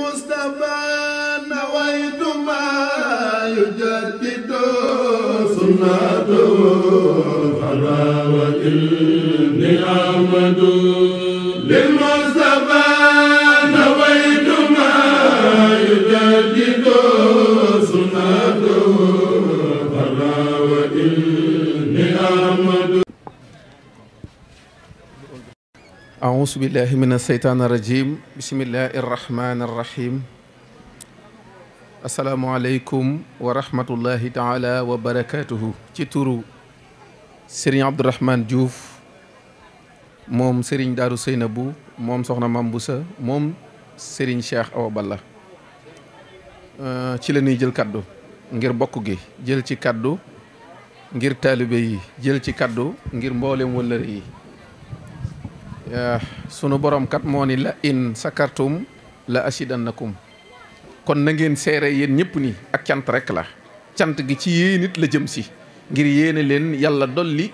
مصطفى نويت ما يجدد سنته فلا وإني أحمد للمصطفى نويت ما يجدد سنته فلا وإني أحمد أعوذ بالله من الشيطان الرجيم بسم الله الرحمن الرحيم asalaamualeykum wa rahmatullahi taala wa barakaatuhu ci turu sëriñ Abdourahmane Diouf moom sëriñ Daaru Seynabu moom soxna Mam moom sëriñ Cheikh Awa euh, ci la ñuy jël kàddu ngir bokk gi jël ci kaddu ngir taalibe yi jël ci kàddu ngir mboolem wëllëre yi Eh, sunu borom kat moo ni la in sakartum la asidannakum kon na ngeen seere yéen ñëpp ni ak cant rek la cant gi ci yéen la jëm si ngir yéene leen yàlla dolli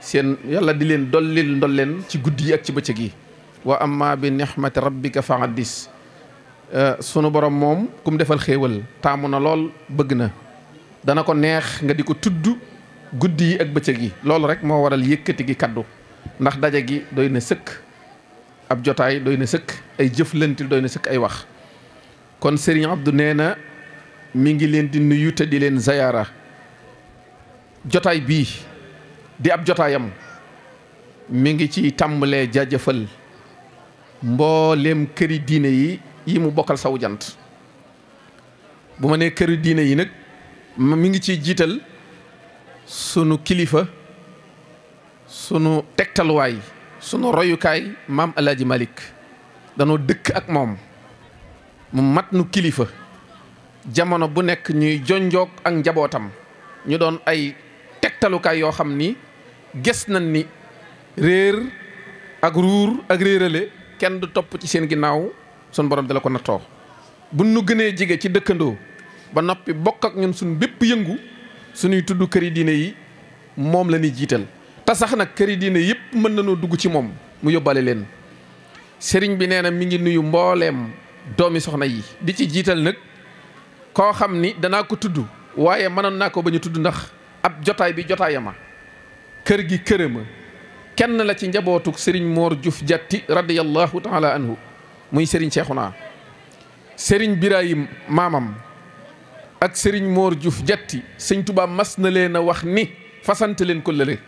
seen yàlla di leen dollil ndolleen ci guddi yi ak ci bëccëg yi am amma bi nihmati rabbika fa haddis eh, sunu borom moom kum defal xéewal taamu na lool bëgg na dana ko neex nga di ko tudd guddi yi ak bëccëg yi loolu rek moo waral yëkkati gi kaddu ndax daje gi doy na sëkk ab jotaay doy na sëkk ay jëflantil doy na sëkk ay wax kon Serigne Abdou nee na mi ngi leen di nuyu te di leen zayaara jotaay bii di ab jotaayam mi ngi ci tàmbalee jaajëfal mbooleem këri diine yi yi mu bokkal saw jant bu ma nee këri diine yi nag mi ngi ciy jiital sunu kilifa. sunu tegtaluwaay sunu royukaay maam El Hadj Malick dëkk ak moom mu mat nu kilifa jamono bu nekk ñuy jonjoog ak njabootam ñu doon ay tegtalukaay yoo xam ni gis nañ ni réer ak ruur ak réerale kenn du topp ci seen ginnaaw sunu borom dala ko nattoo. bu nu gënee jige ci dëkkandoo ba noppi bokk ak ñun suñ bépp yëngu suñuy tudd këri diine yi moom la ñuy jiital. la sax nag këri diine yëpp mën nañoo dugg ci moom mu yóbbale leen sëriñ bi nee na mi ngi nuyu mbooleem doomi soxna yi di ci jiital nag koo xam ni danaa ko tudd waaye mënoon naa ko ba ñu tudd ndax ab jotaay bi jotaayama kër gi kërëma kenn la ci njabootuk sëriñ moor juuf Diatty radiyallahu taala anhu muy sëriñ naa sëriñ Birahim maamam ak sëriñ moor juuf Diatty sëñ Tuubaa mas na leen a wax ni fasante leen ko lële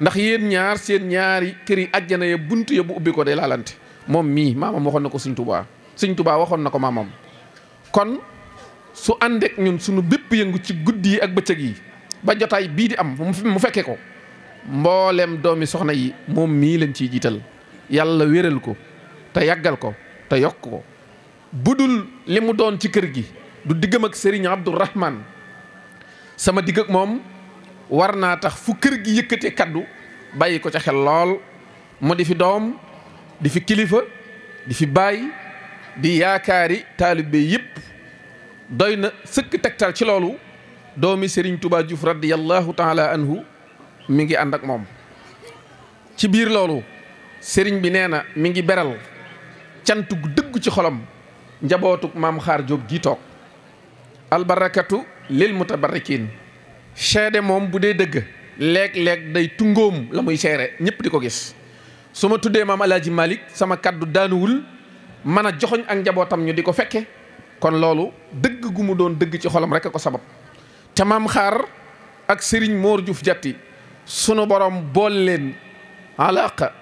ndax yéen ñaar seen ñaari kër yi àjjana ya bunt ya bu ubbi ko day laalante moom mii maamam waxoon na ko Sëñ Tuubaa Sëñ Tuubaa waxoon na ko maamam kon su àndeek ñun suñu bépp yëngu ci guddi yi ak bëccëg yi ba jotaay bii di am mu fekke ko mbooleem doomi soxna yi moom mii lañ ciy jiital yàlla wéral ko te yàggal ko te yokk ko bu dul limu doon ci kër gi du diggam ak Serigne Abdourahman sama digg ak moom war naa tax fu kër gi yëkkatee kaddu bàyyi ko ca xel lool mu di fi doom di fi kilifa di fi bàyyi di yaakaari taalibe yëpp doy na sëkk tegtal ci loolu doomi Serigne Touba Diouf radiyallahu taala anhu mi ngi ànd ak moom ci biir loolu sëriñ bi nee na mi ngi beral cantu gu dëgg ci xolom njabootuk maam xaar Jóob gi toog albarakatu lil mutabarrikin seede moom bu dee dëgg léeg-léeg day tungóom la muy seere ñëpp di ko gis su ma tuddee maam alaaji malik sama kàddu daanuwul man a joxoñ ak njabootam ñu di ko fekke kon loolu dëgg gu mu doon dëgg ci xolam rekk a ko sabab te maam xaar ak sëriñ moor juuf jatti sunu borom bool leen alaqa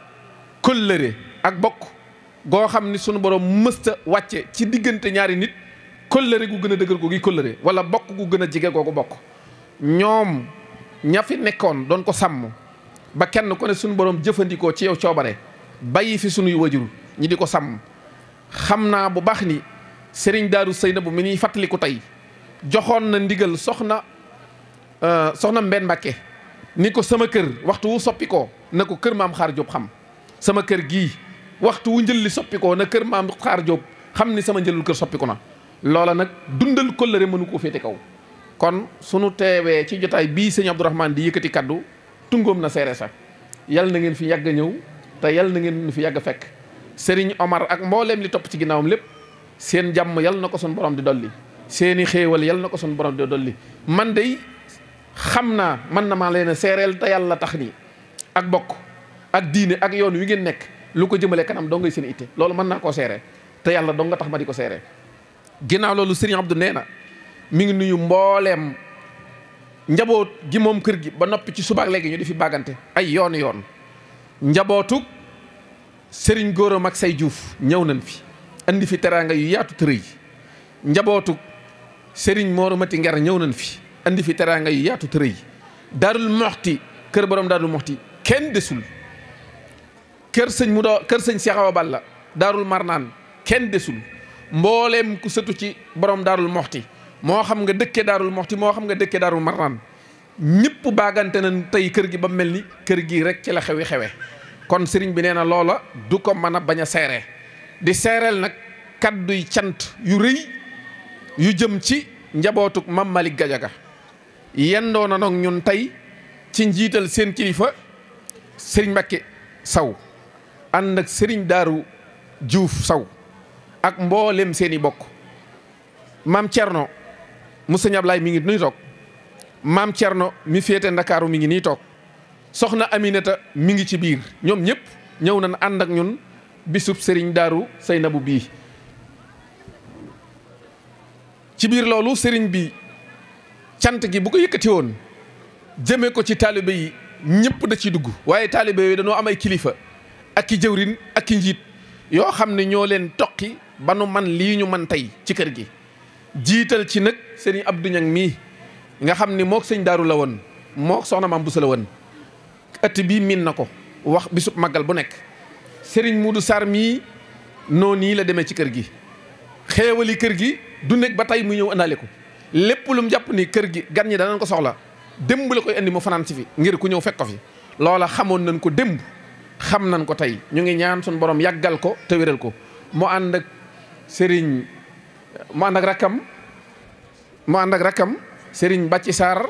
kóllëre ak bokk goo xam ni sunu borom mësta wàcce ci diggante ñaari nit kóllëre gu gën a dëgër googu kóllëre wala bokk gu gën a jege googu bokk ñoom ña fi nekkoon doon ko sàmm ba kenn ku ne suñu borom jëfandikoo ci yow coobare bàyyi fi sunuy wajur ñi di ko sàmm xam naa bu baax ni sëriñ daaru Seynabu mi ñuy fàttaliku tey joxoon na ndigal soxna euh, soxna Mbenn Mbàkke ni ko sama kër waxtu wu soppi ko na ko kër maam xaar Jóob xam sama kër gii waxtu wu njëlli soppi ko na kër maam xaar Jóob xam ni sama njëlul kër soppiku na loola nag dundal kóllëre mënu koo féete kaw kon su nu teewee ci jotaay bii sëñ Abdourahmane di yëkkati kaddu tungoom na seere sax yal na ngeen fi yàgg ñëw te yal na ngeen fi yàgg a fekk Serigne Omar ak mbooleem li topp ci ginnaawam lépp seen jàmm yal na ko sunu borom di dolli seeni xéewal yal na ko sunu borom di dolli man day xam naa man na maa leen seereel te yàlla tax nii ak bokk ak diine ak yoon wi ngeen nekk lu ko jëmale kanam doo ngay seen itte loolu mën naa koo seere te yàlla doo nga tax ma di ko seere ginnaaw loolu Serigne Abdou nee na mi ngi nuyu mbooleem njaboot gi moom kër gi ba noppi ci subaak léegi ñu di fi bàggante ay yoon yoon njabootuk sëriñ góoram ak say juuf ñëw nañ fi indi fi teraanga yu yaatu tërëy njabootuk sëriñ Mor Mati Nger ñëw nañ fi indi fi teraanga yu yaatu tërëy daarul moxti kër borom daarul moxti kenn desul kër sëñ mu doo kër sëñ Seex Awa Balla daarul marnaan kenn desul mbooleem ku sëtu ci borom daarul moxti moo xam nga dëkkee daarul moxti moo xam nga dëkkee daarul marnaan ñëpp baagante na tey kër gi ba mel ni kër gi rek ci la xewi xewe kon sëriñ bi nee na loola du ko mën a bañ a seere di seereel nag kadduy cant yu rëy yu jëm ci njabootuk Mame Malick Gadiaga yendoo na nag ñun tey ci njiital seen kilifa sëriñ Mbacke Saw ànd ak sëriñ Daaru juuf Saw ak mboolem seeni bokk Mame Thierno mu sëñ Ablaay mi ngi nuy toog maam Cerno mi féete ndakaaru mi ngi nii toog soxna Aminata mi ngi ci biir ñoom ñëpp ñëw na ànd ak ñun bisub sëriñ daaru bu bii ci biir loolu sëriñ bi cant gi bu ko yëkkati woon jëme ko ci taalibe yi ñëpp da ciy dugg waaye taalibe yooyu dañoo am ay kilifa ak ki jëwrin ak ki njiit yoo xam ne ñoo leen toqi ba nu man lii ñu man tey ci kër gi jiital ci nag sëriñ Abdou Niang mii nga xam ni mook sëñ daaru la woon mook soxna maam Bousso la woon ëtt bii miin na ko wax bisub màggal bu nekk sëriñ Moudou sar mii noon nii la demee ci kër gi xeewali kër gi du nekk ba tey muy ñëw andaale ko lépp lu jàpp ni kër gi gan ñi danañ ko soxla démb la koy indi mu fanaan si fi ngir ku ñëw fekk ko fi loola xamoon nañ ko démb xam nañ ko tey ñu ngi ñaan suñ boroom yàggal ko te wéral ko mu ànd ak sëriñ mu ànd ak rakkam mu ànd ak rakkam Serigne Bàcci Sarr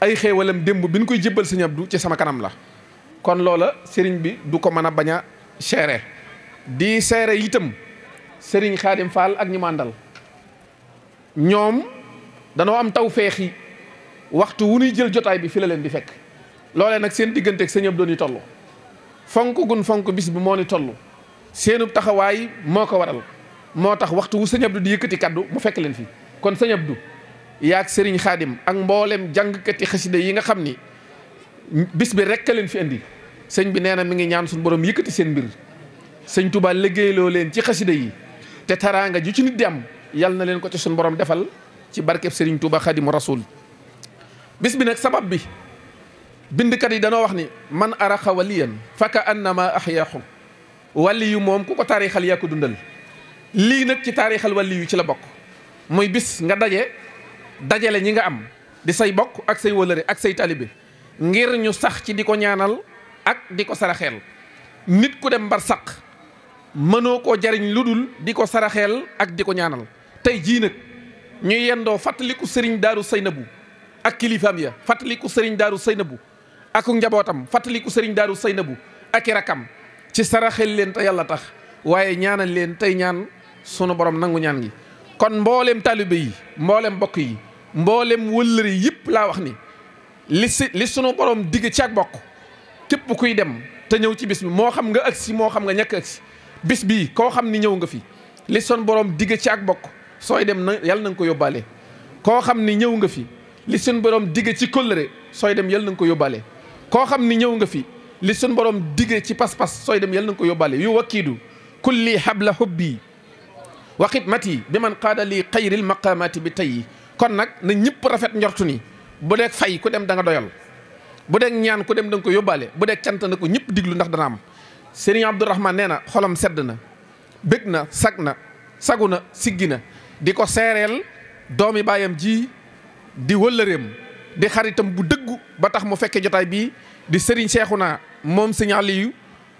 ay xéewalam démb bi ñu koy jébbal Serigne du ci sama kanam la kon loola sëriñ bi du ko mën a bañ a seere di seere itam sëriñ Khadim Fall ak ñi mu àndal ñoom danoo am taw feexi waxtu wu ñuy jël jotaay bi fi la leen di fekk loolee nag seen diggante ak Serigne Abdou ni toll fonk gun fonk bis bi moo ni toll seenub taxawaay moo ko waral moo tax waxtu wu Serigne Abdou di yëkkati kaddu mu fekk leen fii kon sëñ Abdou yaag sëriñ xaadim ak mboolem jàngkati xasida yi nga xam ni bis bi rek leen fi indi sëñ bi nee na mi ngi ñaan suñu borom yëkkati seen mbir sëñ Touba liggéeyloo leen ci xasida yi te taraanga ju ci nit di am yàlla na leen ko ci suñu borom defal ci barkeb sëriñ Touba xaadimu rasul bis bi nag sabab bi bindkat yi danoo wax ni man araxa waliyan faka annama axyaaxu wàlli yu moom ku ko taarixal yaa ko dundal lii nag ci taarixal wàlli yu ci la bokk muy bis nga daje dajale ñi nga am di say bokk ak say wëlëre ak say talibe ngir ñu sax ci di ko ñaanal ak di ko saraxeel nit ku dem mbar saq mënoo ko jariñ lu dul di ko saraxeel ak di ko ñaanal tey jii nag ñu yendoo fàttaliku sëriñ daaru Saynabu ak kilifaam ya fàttaliku sëriñ daaru Saynabu ak njabootam fàttaliku sëriñ daaru Saynabu ak i rakam ci saraxeel leen te yàlla tax waaye ñaanal leen tey ñaan sunu borom nangu ñaan gi kon mboolem taalibe yi mboolem bokk yi mboolem wëllëre yëpp laa wax ni li si li sunu borom digg ci ak bokk képp kuy dem te ñëw ci bis bi moo xam nga agsi moo xam nga ñàkk agsi bis koo xam ni ñëw nga fi li sunu borom digg ci ak bokk sooy dem na yàlla na ko yóbbaale. koo xam ni ñëw nga fi li sunu borom digg ci kóllëre sooy dem yàlla na ko yóbbaale koo xam ni ñëw nga fi li sunu borom digg ci pas-pas sooy dem yàlla na nga ko yóbbaale yu wakkiidu kulli habla hubbi wa xidmati bi man qaada lii xayril maqaamaati bi tey kon nag na ñëpp rafet njortu ni bu dee fay ku dem da nga doyal bu dee ñaan ku dem da ko yóbbaale bu dee cant ko ñëpp diglu ndax dana am sëriñ Abdourahman nee na xolam sedd na bëgg na sag na sagu na siggi na di ko seereel doomi baayam ji di wëllëreem di xaritam bu dëggu ba tax mu fekkee jotaay bii di sëriñ na moom sëriñ Aliyu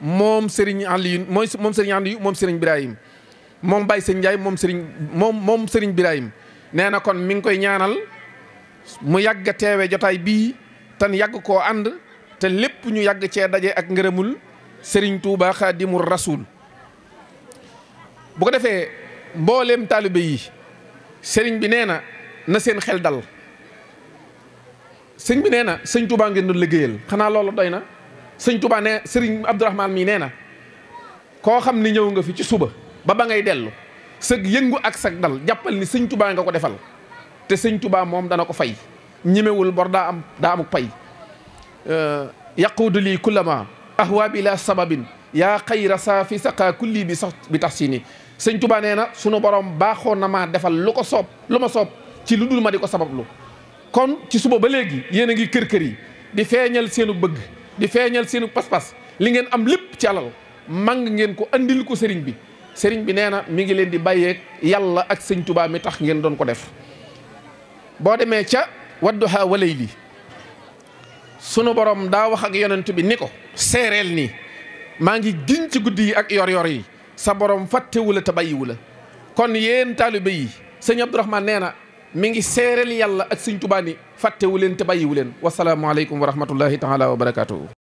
moom sëriñ Aliyu moom sëriñ Aliyu moom sëriñ Ibrahim moom Baye Sëñ Ndiaye moom sëriñ moom moom Serigne Birahim nee na kon mi ngi koy ñaanal mu yàgg a teewe jotaay bii tan yàgg koo ànd te lépp ñu yàgg cee daje ak ngërëmul Serigne Touba Xaadimul Rasuul bu ko defee mbooleem taalibe yi sëriñ bi nee na na seen xel dal sëñ bi nee na sëñ Touba ngeen doon liggéeyal xanaa loolu doy na sëñ Touba nee Serigne Abdourahmane mii nee na koo xam ni ñëw nga fi ci suba. ba ba ngay dellu sag yëngu ak sag dal jàppal ni sëñ tubaa nga ko defal te sëñ tubaa moom dana ko fay ñemewul bor daa am daa amuk pay yaquudu lii kullama ahwa bi la sababin yaa xayra saa fi saqaa kulli bi sax bi tax si ni sëñ tubaa nee na sunu borom baaxoon na maa defal lu ko soob lu ma soob ci lu dul ma di ko sabablu kon ci suba ba léegi yéen a ngi kër kër yi di feeñal seenu bëgg di feeñal seenu pas-pas li ngeen am lépp ci alal mang ngeen ko andil ko sëriñ bi sëriñ bi nee na mi ngi leen di bàyyeeg yàlla ak sëñ tubaa mi tax ngeen doon ko def boo demee ca wadduha walay li sunu borom daa wax ak yonent bi ni ko seereel nii maa ngi giñ ci guddi yi ak yor-yor yi sa borom fàttewu la ta bàyyiwu la kon yéen taalibe yi sëñ Abdourahman nee na mi ngi seereel yàlla ak sëñ tubaa ni fàttewu leen te bàyyiwu leen wasalaamualeykum wa rahmatullahi taala wa barakaatu.